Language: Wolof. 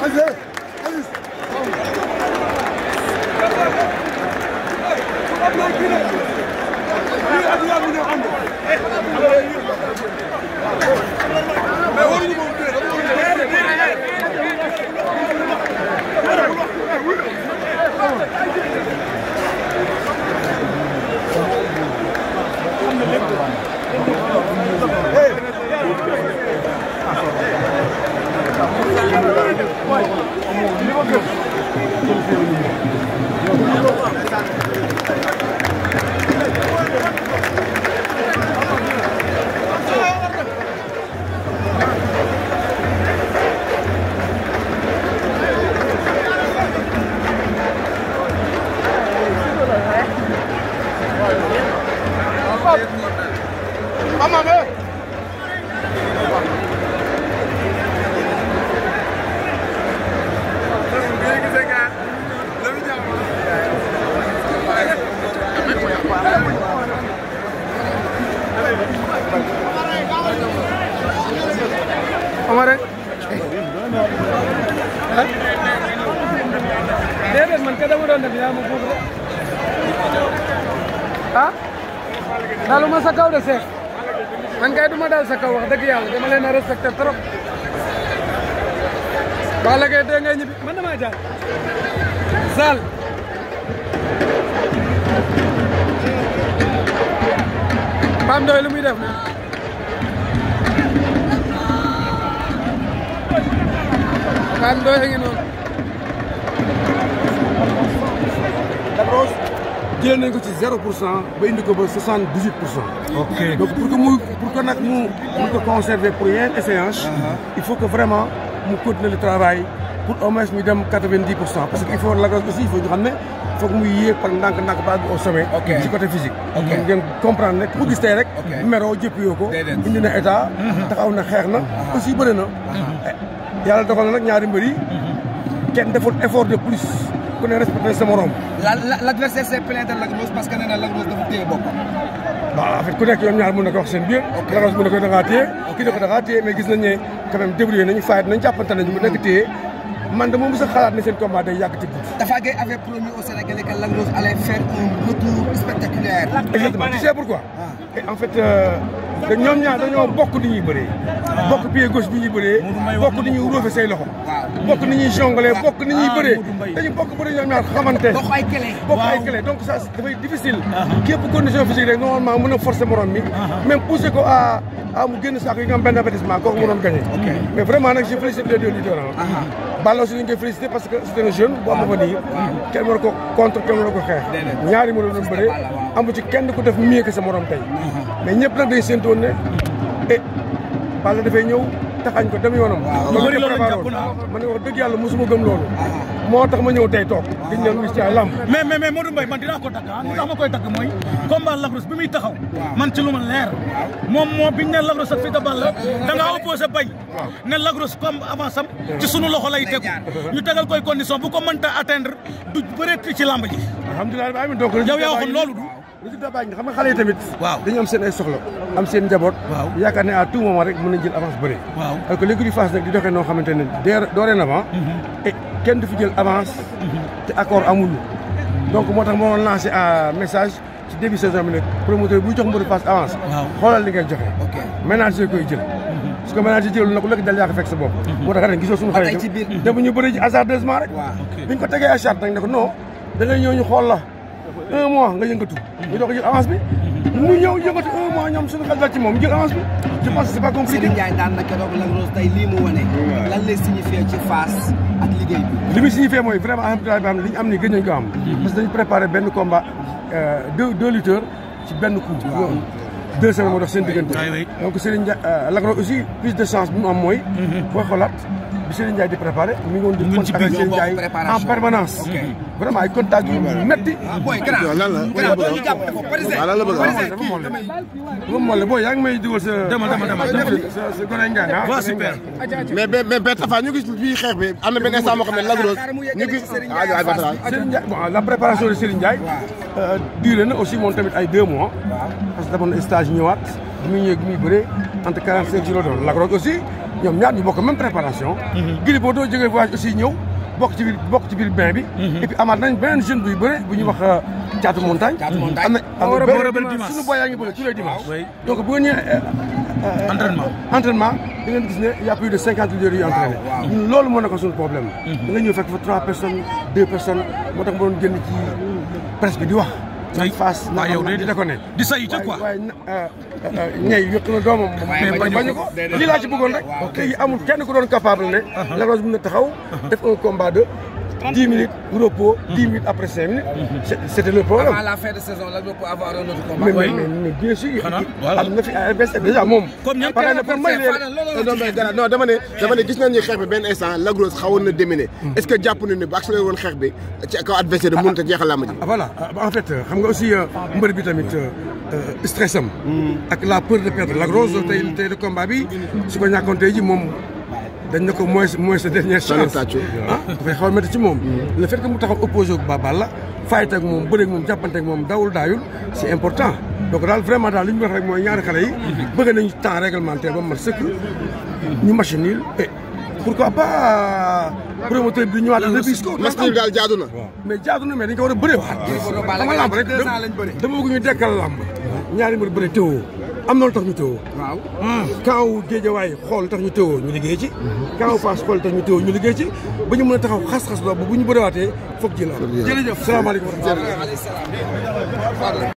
Hadi. Omar rek eh? déedéet man ka dama doon def yaa ma foofu de ah daluma sa kaw de Seex man kay duma dal sa kaw wax dëgg yàlla dama leen a respecté trop Balla Gaye dee ngay ñibbi man dama jaar lu muy def Dame Ndoye a ngi noonu Lagrosse jëlee nañ indi ko ba soixante dix huit pour cent. ok donc uh-huh. il faut que vraiment mu continuer le travail. pour au moins ñu dem quatre vingt dix pour cent parce que il faut la aussi il faut xam ne foog muy yéeg par ndànk-ndànk ba àgg au sommet. ci physique. ok ngeen comprendre ne ku gis tey rek. ok meroo jëppiyoo mhm. mhm. mhm. eh, ñaari mbër yi. kenn deful effort de plus. ku ne respecté sa morom. s' est plaint de Lac Rose parce nañ ne quand même nekk téye. man dama mos a xalaat ne seen combat day yàgg ci guddi. Tapha Gueye avait promis aux Sénégalais que Lac Rose allait faire un retour spectaculaire. exactement tu sais pourquoi. Ah. en fait. Euh, te ñoom ñaar dañoo bokk ni ñuy bëree. Ah. bokk pied gauche bi ñuy bëree. Ah. bokk ni ñuy ruufe say loxo. bokk ni ñuy bokk ah, ni bëree. dañu bokk bëri ñoom ñaar xamante. bokk ay clé bokk ay clé donc ça dafay difficile. képp condition physique rek normalement mën a morom mi. même pousser ko à mu génn saako yi nga am benn avertissement kooku mu doon gagné. mais vraiment nag je félicite les deux lutteurs ah. Balla aussi dañ koy félicité parce que c' est un jeune boo ma nii. kenn war ko contre kenn war ko amu ci kenn ku def mieux que sa morom tey uh-huh. mais ñëpp nag day séentoon ne eh Balla dafay ñëw taxañ ko dem yoonam ma ne wax loolu uh-huh. ma ñëw tey toog diñ leen gis ci ay lamb mais mais mais Modou Mbaye man dinaa ko dagg ah li tax ma koy ma leer moom moo biñ ne Lac Rose ak da ñu tegal koy condition bu ko mënta atteindre du bëreet ci lamb ji alhamdulilah yow yaa waxoon loolu du li ci dabaañ xam nga xale yi tamit waaw am seen ay soxla am seen njaboot waaw yaakaar ne à tout a rek mën nañ jël avance bëri waaw parce que léegi di phase nag di doxee noo xamante ne dorénavant mm-hmm. kenn du fi jël avance mm-hmm. te accord amul donc moo tax moo lancé un message ci début saison bi nag promoteur buy jox mbëru passe avance xoolal li ngeen joxe ménager koy jël mm-hmm. parce que ménager jël na ko lekk dal yaa ko fekk sa moo tax ren rek bi ñu ko tegee à la un mois nga yëngatu ñu doog a jël avance bi mu ñëw yëngatu un mois ñoom suñu xel dal ci moom jël avance bi je pense que c'est ak liggéey bi li muy signifier mooy vraiment alhamdulilah bi am li ñu am ni gën nañ ko am parce que dañu préparé benn combat euh, deux deux lutteurs ci benn coup deux semaines moo dox seen diggante donc Serigne Ndiaye euh, Lac Rose aussi plus de chance bi mu am mooy mm-hmm. boo xalaat bi Serigne Ndiaye di préparé mi ngi préparation de Serigne Ndiaye euh, duré na aussi moom ay deux mois parce que dafa na stage ñëwaat bi muy entre quarante cinq jours la lagros aussi ñoom ñaar ñu bokk même préparation. Mhm. Gris Bordeaux jógee voyage aussi ñëw bokk ci biir bokk ci biir bain bi. Mhm. et puis amaat nañ beneen jeune buy bëre bu ñuy wax Caatu euh, Montagne. Caatu mhm. Montagne am na am na benn suñu boy yaa ngi bëre tous les dimanches. donc bu ngeen ñëwee. Euh, euh, entraînement entraînement da gis ne y a plus de cinquante leaders yu entraîné. loolu moo nekkoon suñu problème. da nga ñëw fekk fa trois personnes deux personnes moo tax ma doon génn ci presse bi di wax. tey face na yow de da ko ne di say ca quoi waaye ñay yëq na doomam bañu ko lii laa ci bëggoon rek tey amul kenn ku doon capable ne Lac Rose mën na taxaw def un combat 10 minutes repos, 10 mhm. minutes après 5 minutes. C'était le problème. Avant la fin de saison, la on peut avoir un autre combat. Mais, mais, mais dama gis xeex bi benn instant Lac Rose xawoon na démené. Mhm. est-ce que jàpp nañu ne bu accéléré woon xeex bi ci kaw adversaire bi ah, mënut a jeexal làmb ji. Ah, voilà ah, en fait xam nga aussi euh, mbër bi tamit euh, euh, stress am. Mhm. la peur de perdre Lac Rose tey tey combat bi su ko ñàkkoon tey ji moom. dañ ne ko mooy mooy sa dernière chance ah xaw a métti ci moom le fait que mu taxaw opposé ak Baba la fayit ak moom bëreeg moom jàppante moom dawul daayul c'est important donc daal vraiment daal li ñu wax rek mooy ñaari xale yi bëgg nañu temps réglementaire ba mu mat sëkk ñu machine niil et pourquoi pas euh, promoteur bi ñu ak reprise ko mas daal jaadu na mais jaadu na me dañ ko war a bëri waat dama lamb rek dama bëgg ñu dekkal lamb ñaari mbir bëri teewoo am na lu tax ñu teewoo. waaw kaaw géejawaay xool tax ñu teewoo ñu liggéey ci. kaaw Fass xool tax ñu teewoo ñu liggéey ci ba ñu mën a taxaw xas-xas ba bu ñu bëriwaatee foog ji la. jërëjëf salaamaaleykum wa rahmatulah.